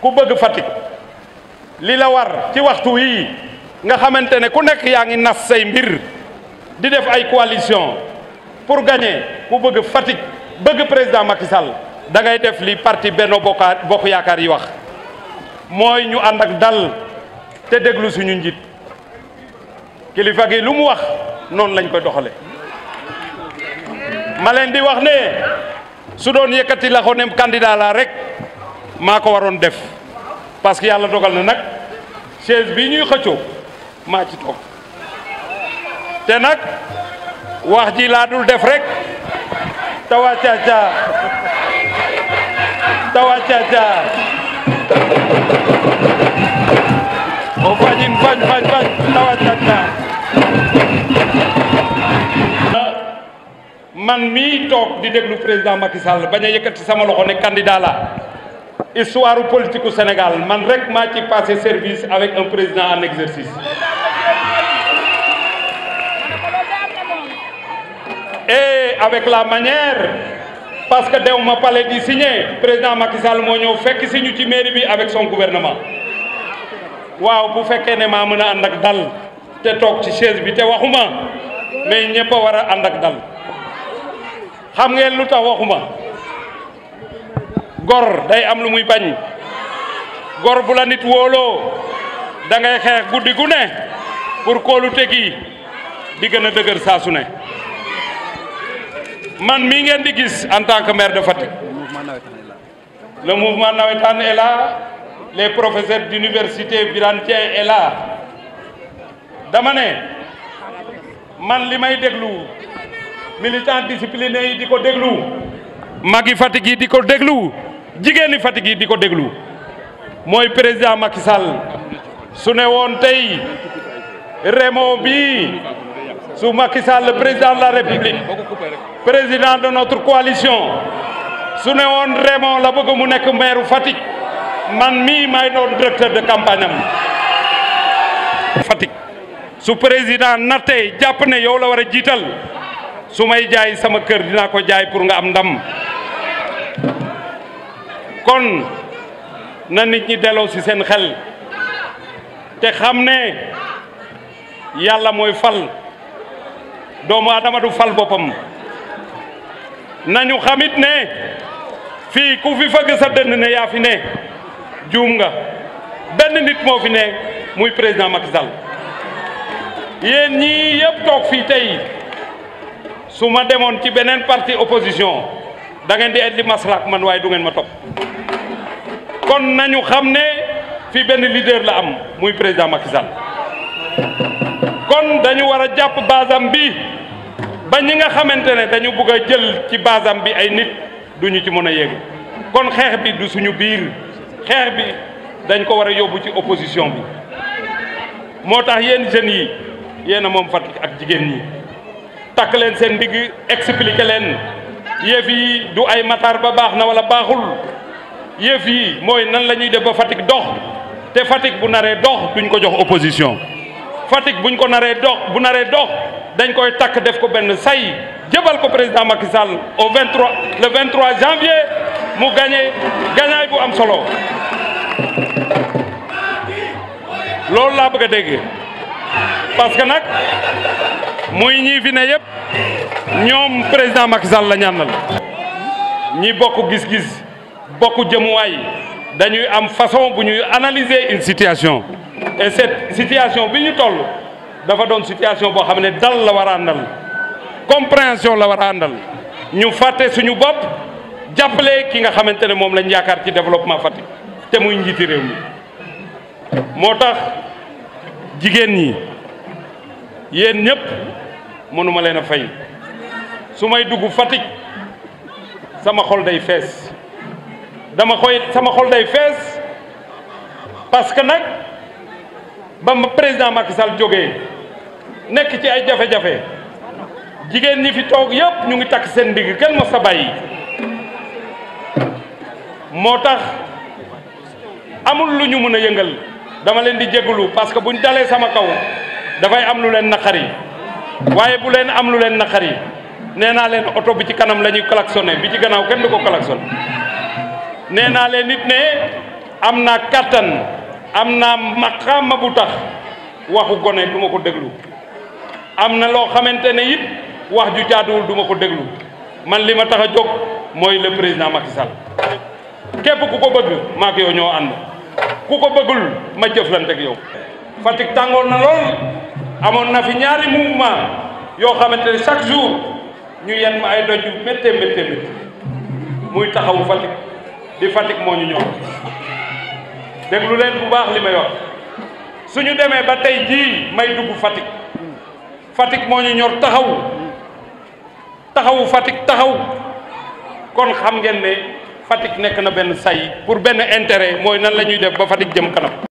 ku bëgg Fatick lii la war ci waxtu wii nga xamante ne ku nekk yaa ngi nas say mbir di def ay coalition pour gagner ku bëgg Fatick bëgg président Macky Sall da def li parti benn Bokk Bokk Yaakaar yi wax mooy ñu ànd ak dal te déglu suñu njit kilifa gi lu mu wax noonu lañ koy doxale ma bi wax ne su doon yëkkati la ko ne candidat rek maa ko waroon def parce que yàlla dogal na nag chaise bi ñuy xëcco maa ci toog te nag wax ji laa dul def rek tawa caca tawa caca o fañin fañ fañ fañ tawa caca man mii toog di déglu président Macky Sall bañ a yëkkati sama loxo ne candidat la histoire politique u Sénégal man rek maa ci passé service avec un président en exercice et avec la manière parce que dew ma pale di signé président Macky Sall moo ñëw fekk si ci mairie bi avec son gouvernement waaw bu fekkee ne maa mën a ànd ak dal te toog ci chaise bi te waxuma mais ñëpp a war a ànd dal xam ngeen lu tax waxuma gor day am lu muy bañ gor bu la nit wóoloo da ngay xeex guddi gu ne pour kóolu tegi di gën a dëgër saasu ne man mii ngeen di gis en tant que de Fatick le mouvement nawetaan est là les professeurs d'université Birane Dieng dama ne man li may déglu militant discipliné yi di ko déglu magi Fatick yi di ko déglu jigéeni Fatick yi di ko déglu mooy président Macky Sall su ne woon tey Raymond bi su Macky Sall le président de la République président de notre coalition su ne woon Raymond la bëgg mu nekk maire Fatick man mii may doon directeur de campagne am Fatick su président nattee jàpp ne yow la war a jiital su may jaay sama kër dinaa ko jaay pour nga am ndam kon na nit ñi delloo si seen xel te xam ne yàlla mooy fal doomu aadama du fal boppam nañu xamit ne fii ku fi fëgg sa dënn ne yaa fi ne juum nga benn nit moo fi ne muy président Macky Sall yéen ñii yëpp toog fii tey su ma demoon ci beneen parti opposition dangeen di indi maslaak man waaye du ngeen ma topp kon nañu xam ne fii benn leader la am muy président Macky kon dañu war a jàpp basam bi ba ñi nga xamante ne dañu bugg a jël ci basam bi ay nit duñu ci mën a yéeg kon xeex bi du suñu biir xeex bi dañ ko war a yóbbu ci opposition bi moo tax yéen jeunes yi yéen a moom Fatick ak jigéen ñi takk leen seen ndigg expliquer leen yëf yi du ay Matar Ba baax na wala baaxul yëf yi mooy nan la ñuy def ba Fatick dox te Fatick bu naree dox duñ ko jox opposition Fatick buñ ko naree dox bu naree dox dañ koy takk def ko benn say jëbal ko président Macky Sall au 23 le 23 janvier mu gagné gagnaay bu am solo loolu laa bëgg a dégg parce que nag muy ñii fi ne yëpp ñoom président Macky Sall la ñaanal ñi bokk gis-gis bokk jëmuwaay dañuy am façon bu ñuy analyser une situation et cette situation bi ñu toll dafa doon situation boo xam ne dal la war a àndal la war àndal ñu fàtte suñu bopp jàppale ki nga xamante ne moom lañ yaakaar ci développement Fatick te muy njiiti réew mi moo tax jigéen ñi yéen ñëpp mënuma leen a fay su may dugg Fatick sama xol day fees dama koy sama xol day fees parce que nag ba président Macky Sall jógee nekk ci ay jafe-jafe jigéen ñi fi toog yëpp ñu ngi takk seen ndigg kenn mos sa bàyyi moo tax amul lu ñu mën a yëngal. dama leen di jégalu parce que ñu dalee sama kaw dafay am lu leen naqari waaye bu leen am lu leen naqari nee naa leen oto bi ci kanam la ñuy klaxonné bi ci gannaaw kenn du ko klaxonné nee naa leen nit ne am naa kàttan am naa maqaama bu tax waxu gone duma ko déglu am na loo xamante ne it wax ju jaaduwul duma ko déglu man li ma tax a jóg mooy le président Macky Sall képp ku ko bëgg maak yow ñoo ànd ku ko bëggul ma jëflante yow Fatick tàngoon na lool amoon na fi ñaari ma yoo xamante ne chaque jour ñu yenn ma ay doj yu méttee méttee muy taxawu Fatick di Fatick moo ñu ñor déglu bu baax li ma yor su ñu demee ba tey jii may dugg Fatick Fatick moo ñu ñor taxawu taxawu Fatick taxaw kon xam ngeen ne Fatick nekk na benn say pour benn intérêt mooy nan la ñuy def ba Fatick jëm kanam